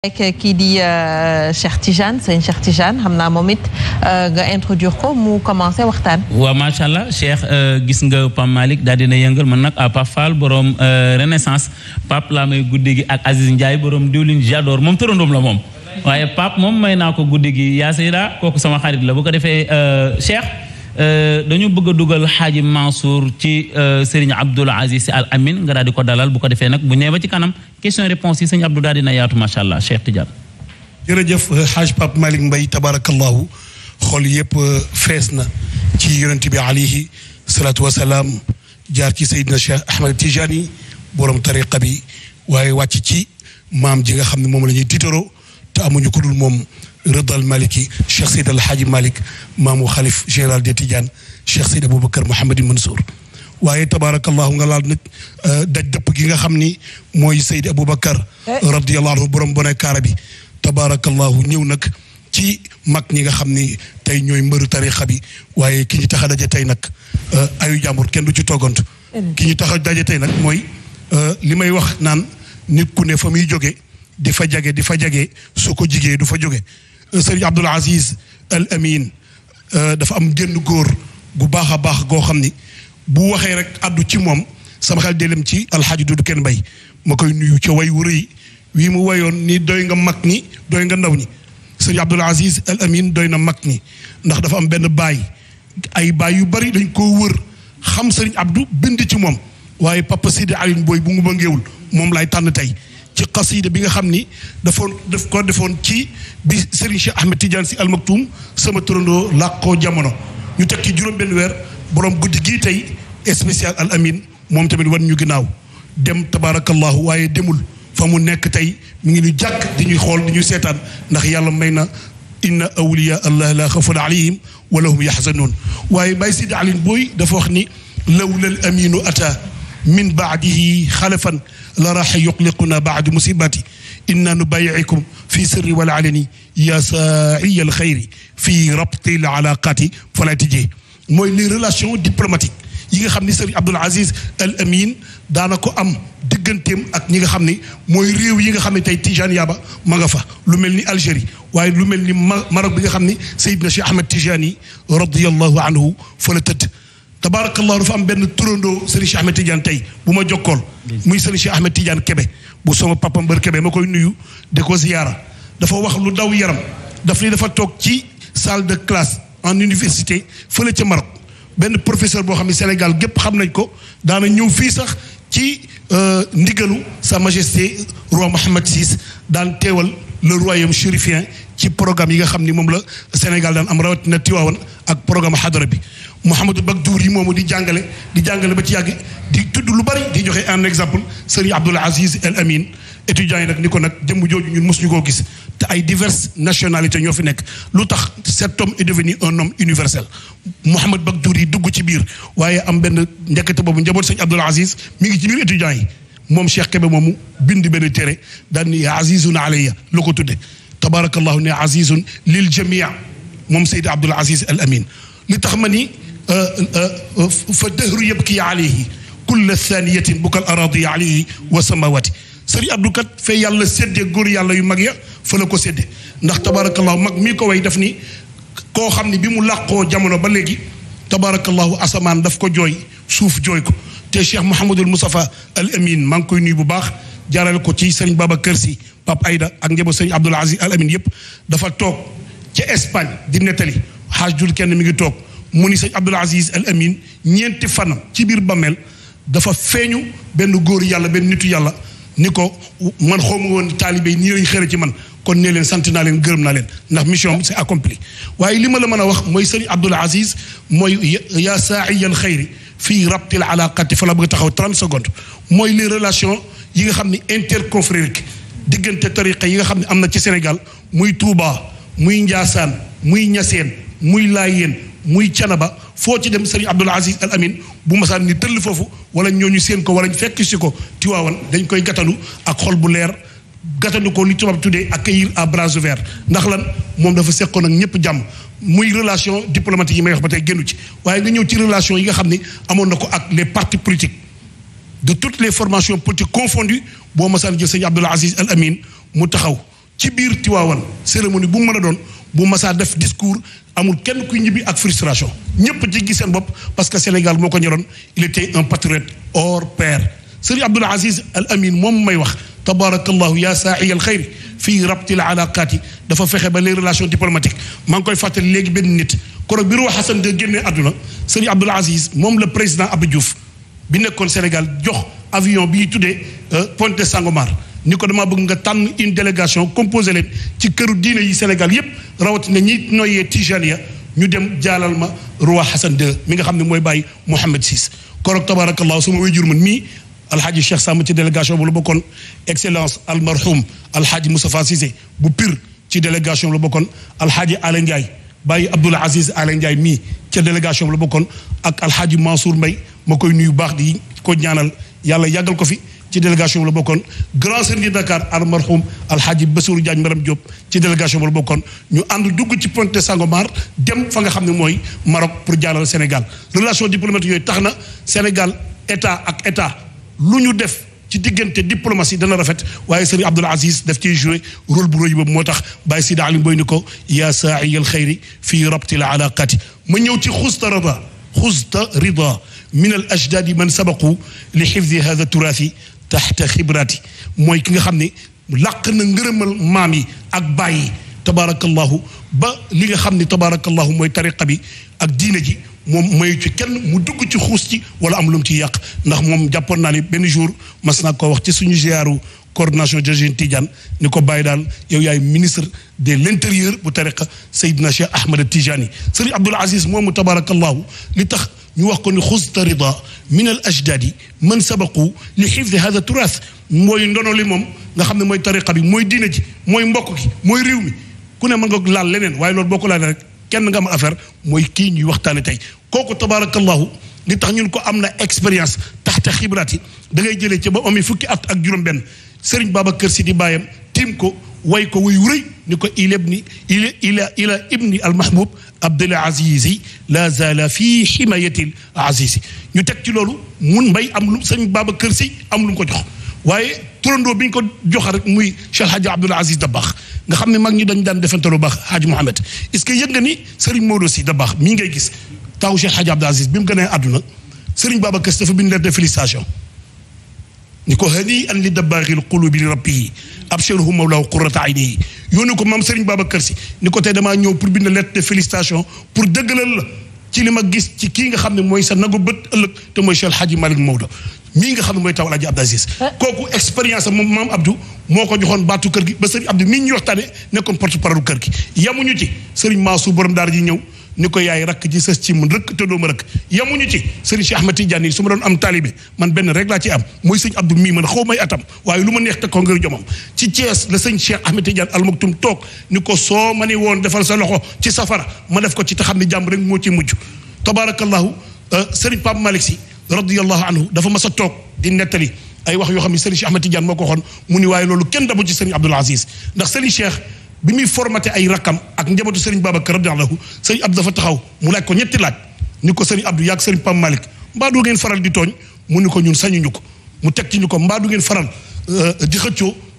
rek eh, kii di eh, Cheikh Tidiane sëñ Cheikh Tidiane xam naa moom it eh, nga introduire ko mu commencé waxtaan. waa macha allah Cheikh gis nga pam Malick daal dina yëngal man nag ah, Pape Fall borom Renaissance Pape laa may guddi gi ak Aziz Ndiaye borom diwlin j'adore moom tërëndoom la moom. waaye Pape moom may naa ko guddi gi yaa sayda kooku sama xarit la bu ko defee Cheikh. Euh, dañu bëgg a dugal xaaji Mansour ci euh, Serigne Abdoul Aziz Al Amin nga daal di ko dalal bu ko defee nag bu ñëwee ba ci kanam question réponse yi sëñ Abdou daal dina yaatu macha allah Cheikh Tidiane. jërëjëf xaaj euh, Pape Malick Mbaye tabarakallahu xol yëpp fees na ci yonent bi alayhi salaatu wa salaam jaar ci Seydina Cheikh Ahmed Tijani borom tariqa bi waaye wàcc ci maam ji nga xam ne moom la ñuy tiitaroo te amuñu ku dul moom. Redal Maliki Cheikh Seyd El Hadji Malick maamu xalif général de Tidiane Cheikh Seyd Aboubacar Mouhamadin Mansour waaye tabarakallahu nga laal nag euh, daj dëpp gi nga xam ni mooy Seyd Aboubacar eh. radiallahu anhu borom bone kaara bi tabarakallahu ñëw nag ci mag ñi nga xam ni tey ñooy mbëru tarixa bi waaye ki ñu tax a daje tey nag euh, ayu jàmbur kenn du ci toggant eh. ki ñu tax a daje tey nag mooy euh, li may wax naan nit ku ne fa muy jóge di fa jage di fa jage su ko jigee du fa jóge Euh, sëriñ Abdoul Aziz Al Amin euh, dafa am génn góor gu baax a baax goo xam ni bu waxee rek àddu ci moom sama xel delem ci alxaaji Dudu Kenn Mbay ma koy nuyu ca way wu rëy wii mu wayoon ni doy nga mag ni doy nga ndaw ñi sëriñ Abdoul Aziz Al Amin doy na mag ni ndax dafa am benn baay ay baay yu bari dañ koo wër xam sëriñ Abdou bind ci moom waaye papa Sidi Alioune Boy bu ngu ba ngeewul moom laay tànn tey ci xasida bi nga xam ni dafoon daf ko defoon ci bi Serigne Cheikh Ahmed Tidiane si almaktum sama turandoo làqoo jamono ñu teg ci juróom-benn weer boroom guddi gii tey spécial al amin moom tamit wan ñu ginnaaw dem tabaarakallahu waaye demul fa mu nekk tey mu ngi ñu jàkk di ñuy xool di ñuy seetaan ndax yàlla may na inna awliya allah la xawfun alayhim wala hum yaxzanun waaye Baye Sidi Aline Boy dafa wax ni lawlal aminu ata min baadihi xalafan la raxa yuqliquna baadi musibati inna nubayicukum fi sirri wal alani ya saaiya al xayri fi rabti l alaqati falay tijee mooy les relations diplomatiques yi nga xam ni Serigne Abdoul Aziz Al Amin daana ko am digganteem ak ñi nga xam ni mooy réew yi nga xam ne tey Tijane Yaba ma nga fa lu mel ni Algérie waaye lu mel ni Maroc bi nga xam ni Seydina Cheikh Ahmed Tijani radiyallahu anhu fa la tëdd tabaarakallaahu dafa am benn turandoo Serigne Cheikh Ahmed Tidiane tey bu ma jokkool muy Serigne Cheikh Ahmed Tidiane Kebe bu sama papa mbër Kebe ma koy nuyu de ko ziyaara dafa wax lu daw yaram daf ni dafa toog ci salle de classe en université fële ci Maroc benn professeur boo xam ne Sénégal gépp xam nañ ko daana ñëw fii sax ci euh, ndigalu sa majesté roi Mohammed VI daan teewal le royaume chérifien ci programme yi nga xam ni moom la Sénégal daan am rawatina Tiwaawan ak programme xadara bi Mouhamadou Bagdour yi moomu di jàngale di jàngale ba ci yàgg di tudd lu bari di joxe un exemple Serigne Abdoul Aziz El Amin étudiants yi nag ni ko nag jëmm jooju ñun mosuñu koo gis te ay diverses nationalités ñoo fi nekk lu tax cet homme est devenu un homme universel Mouhamad Bagdour yi dugg ci biir waaye am benn njëkkate boobu njaboot Serigne Abdoul Aziz mi ngi ci biir étudiants yi moom Cheikh Kébé moomu bind benn téere daan ni azizun alayya ko tudde tabarakallahu ne azizun lil jamia moom Seydi Abdul Aziz Al Amin li tax ma ni euh, euh, euh, fa dëhru yabki alayhi kulla thaniyatin bukal aradi alayhi wa samawati sëriñ Abdou kat fee yàlla séddee góor yàlla yu mag ya fa la ko séddee ndax tabarakallahu mag mii ko way def ni koo xam ne bi mu làqoo jamono ba léegi tabarakallahu asamaan daf ko jooy suuf jooy ko te Cheikh Mouhamadul Moustapha Al Amin maa ngi koy nuyu bu baax jaarale ko ci sëriñ Babacar Sy Pape Aïda ak njabootu sëriñ Abdoul Aziz Al Amin yëpp dafa toog ci Espagne di nettali xaaj dul kenn mi ngi toog mu ni sëriñ Abdoul Aziz Al Amin ñeenti fanam ci biir bameel dafa feeñu benn góor yàlla benn nitu yàlla ni ko man xawma woon taalibe yi nii lañ xëre ci man kon ne leen sant naa leen gërëm naa leen ndax mission bi c'est accompli waaye li ma la mën a wax mooy sëriñ Abdoul Aziz mooy yaa saa'iyan xayri fii rabtil alaqati fala la bëgg taxaw 30 secondes mooy les relations yi nga xam ne interconfrérique diggante tariqa yi nga xam ne am na ci Sénégal muy Touba muy Njaasaan muy Ñaseen muy Laayeen muy Canaba foo ci dem Serigne Abdoul Aziz Al Amin bu masaan ni tëll foofu wala ñooñu seen ko wala ñu fekk si ko Tiwaawan dañ koy gàttalu ak xol bu leer gàttandu ko li tubaab tuddee accueillir à bras ouverts ndax lan moom dafa sekkoon ak ñëpp jàmm muy relation diplomatique yi may wax ba tey génnu ci waaye nga ñëw ci relation yi nga xam ni amoon na ko ak les partis politiques de toutes les formations politiques confondues boo masaan jël sëñ Abdoul Aziz Al Amin mu taxaw ci biir Tiwaawan cérémonie bu mu mën a doon bu masaa def discours amul kenn kuy ñibbi ak frustration ñépp ci gis seen bopp parce que Sénégal moo ko ñoroon il était un patriote hors pair sëñ Abdoul moom may wax tabarakallahu ya saaxiya al xayri fii rabtil alaqaat yi dafa fexe ba les relations diplomatiques maa ngi koy fàttali léegi benn nit koro bi Roi Hassan II génnee àdduna sëriñ Abdoul Aziz moom la président Abdou Diouf bi nekkoon Sénégal jox avion bi tuddee euh, Pointe de Sangomar ni ko damaa bëgg nga tànn une délégation composé leen ci këru diina yi Sénégal yépp rawatina ñi noyyee Tijaniya ñu dem jaalal ma Roi Hassan II mi nga xam ne mooy bàyyi Mohammed VI koroog tabarakallahu sama wéjur mii alxaaji Cheikh Samb ci délégation bu la bokkoon excellence almarhum alxaaji Moustapha Cissé bu pire ci délégation bu la bokkoon alxaaji Alain Ndiaye bàyyi Abdoul Aziz Alain Ndiaye mii ca délégation bu la bokkoon ak alxaaji Mansour Mbaye ma koy nuyu baax di ko ñaanal yàlla yàggal ko fi ci délégation bu la bokkoon grand sëriñ di Dakar almarhum alxaaji Bassirou Diagne Maram Diop ci délégation bu la bokkoon ñu ànd dugg ci Pointe Sangomar dem fa nga xam ne mooy Maroc pour jaalal Sénégal relation diplomatique yooyu tax na Sénégal état ak état lu ñu def ci diggante diplomatie dana rafet waaye sëriñ Abdoul Aziz daf ciy joué rôle bu rëy boobu moo tax Baye Sida Ali Mboy ni ko yaa saaiya alxayri fii rabtil alaqati ma ñëw ci xusta rida xusta rida min al ajdadi man sabaqu li xifdi hada turaasi taxta xibraati mooy ki nga xam ne làq na ngërëmal maam yi ak bàyyi tabaarakallahu ba ni nga xam ne tabaarakallahu mooy tariqa bi ak diine ji moom mooy ci kenn mu dugg ci xuus ci wala am lu mu ci yàq ndax moom jàppoon naa ni benn jour mas naa ko wax ci suñu ziaru coordination Jogine tijan ni ko bàyyi daal yow yaay ministre de l' intérieur bu tariqa Seydina Cheikh Ahmed Tijani Serigne Abdoul Aziz moomu tabarakallahu li tax ñu wax ko ni xusta rida min al ajdadi man sabaqu li xifdi hada turath mooy ndono li moom nga xam ne mooy tariqa bi mooy diine ji mooy mbokk gi mooy réew ku ne mën nga laal leneen waay loolu boo rek kenn nga am affaire mooy kii ñuy waxtaane tey kooku tabarakallahu li tax ñun ko am na expérience taxte xibraat yi da jëlee ci ba amee fukki at ak juróom benn sëriñ Babacar Si ni baayam tiim ko way ko wuy wurëy ni ko ilab ni ila ila ila ibni almahbub abdul azizi la zala fi himayati al azizi ñu teg ci loolu mun mbay am lu sëriñ Babacar Si am lu mu ko jox waaye turandoo bi ñu ko jox rek muy Cheikh Hadj Abdoul Aziz Dabakh nga xam ne mag ñi dañ daan defante lu baax Hadj Mohamed est-ce que yëg nga ni Serigne Modou Sy Dabakh mii ngay gis taaw Cheikh Hadj Abdoul Aziz bi mu gënee àdduna Serigne Babacar Sy dafa bind lettre de félicitation ni ko hadi an li dabbaaxil qulubi li rabbihi abshirhu mawlahu qurrata aynihi yónni ko maam Serigne Babacar Sy ni ko tey damaa ñëw pour bind lettre de pour dëggalal ci li ma gis ci kii nga xam ne mooy sa nagu bët ëllëg te mooy Cheikh Hadj Malick Maodo mii nga xam ne mooy taw Alaaji Abdou Aziz eh. kooku expérience am moom maam Abdou moo ko joxoon baatu kër gi ba sëriñ Abdou mii ñu waxtaane nekkoon porte parole kër gi yamuñu ci sëriñ Mansour borom daara ji ñëw ni ko yaay rakk ji sës ci mun rëkk te dooma rëkk yamuñu ci sëriñ Cheikh Ahmed Tidiane yi su ma doon am taalibe man benn rek laa ci am mooy sëñ Abdou mii man xaw may atam waaye lu ma neex te ko ngir jomam ci Thiès la sëñ Cheikh Ahmed Tidiane Al toog ni ko soo ma ni woon defal sa loxo ci safara ma def ko ci te xam ne jàmm rek moo ci mujj tabarakallahu eh, sëriñ Pape Malick Sy radiyallahu anhu dafa mas a toog di nettali ay wax yoo xam ne Serigne Cheikh Ahmed Tidiane moo ko waxoon mu ni waaye loolu kenn dabu ci Serigne Abdoul Aziz ndax Serigne Cheikh bi muy formaté ay rakam ak njabootu Serigne Babacar radiyallahu anhu Serigne Abdou dafa taxaw mu ko ñetti laaj ni ko Serigne Abdou yaag Serigne Pam Malick mbaa di tooñ mu ni ko ñun sañuñu ko mu teg ci ñu ko mbaa du ngeen faral euh, di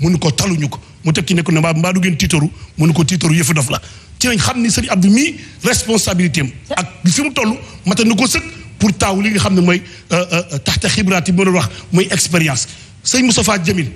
mu ni ko taluñu ko mu teg ci ne ko ne mbaa du ngeen tiitaru mu ni ko tiitaru yëfu daf la xam ni Serigne Abdou mii responsabilité am ak fi mu toll mata ni ko sëkk pour taaw li nga xam ne mooy euh, euh, euh, taxta xibraat yi mën a wax mooy expérience sëñ Moustapha Jamil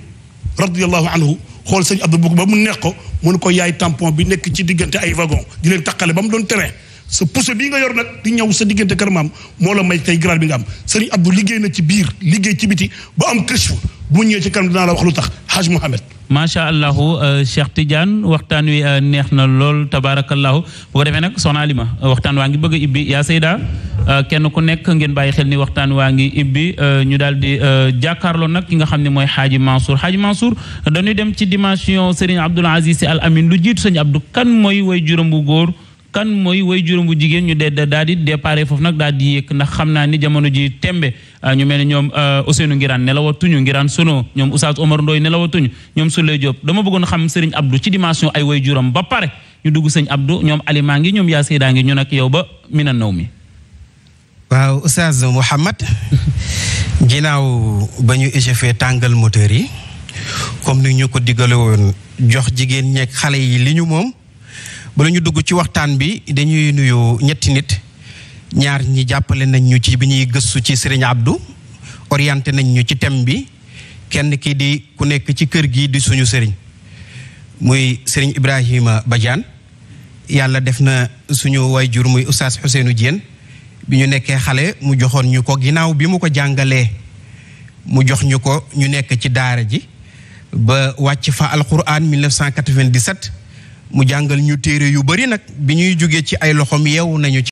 radiallahu anhu xool sëñ Abdou Boug ba mu nekko ko mu ko yaay tampon bi nekk ci diggante ay wagon di leen taqale ba mu doon terrain su pousse bii nga yor nag di ñëw sa diggante kër maam moo la may tey grade bi nga am sëriñ Abdou liggéey na ci biir liggéey ci biti ba am kashfu bu ñëwee ci kanam dinaa wax lu tax Haj Mohamed. macha allah euh, Cheikh Tidiane waxtaan wi euh, neex na lool tabaarakallahu bu defee nag soxna Alima euh, waxtaan waa ngi bëgg a ibbi yaa kenn ku nekk ngeen bàyyi xel ni waxtaan waa ngi ibbi ñu daal di jàkkaarloo nag ki nga xam ne mooy Xaaji Mansour Xaaji Mansour dañuy dem ci dimension Serigne Abdoul Aziz Al Amin lu jiitu sëñ Abdou kan mooy way juróom bu góor. kan mooy way juróom bu jigéen ñu de daal di déparé foofu nag daal di yëkk ndax xam naa ni jamono ji tembe ah, ñu mel ne ñoom ah, Ousseynou Ngiraan nelawatuñu Ngiraan Sono ñoom Oustaz Omar Ndoy nelawatuñu ñoom Souley Diop dama bëggoon xam Serigne Abdou ci dimension ay way juróom ba pare ñu dugg sëñ Abdou ñoom alimaa ngi ñoom yaa seydaa ngi ñu nag yow ba mina naw mi waaw Oustaz Mouhamad ginnaaw ba ñu échauffé tàngal moteur yi comme ni ñu ko digale jox jigéen ñeeg xale yi li ñu moom bala ñu dugg ci waxtaan bi dañuy nuyu ñetti nit ñaar ñi jàppale nañ ñu ci bi ñuy gëstu ci Serigne Abdou orienté nañ ñu ci thème bi kenn ki di ku nekk ci kër gi di suñu Serigne muy sëriñ Ibrahima Badiane yàlla def na suñu wayjur muy Oustaz Ousseynou Diène bi ñu nekkee xale mu joxoon ñu ko ginnaaw bi mu ko jàngalee mu jox ñu ko ñu nekk ci daara ji ba wàcc fa alquran 1997 mu jàngal ñu téere yu bari nag bi ñuy jóge ci ay loxoom yeewu nañu ci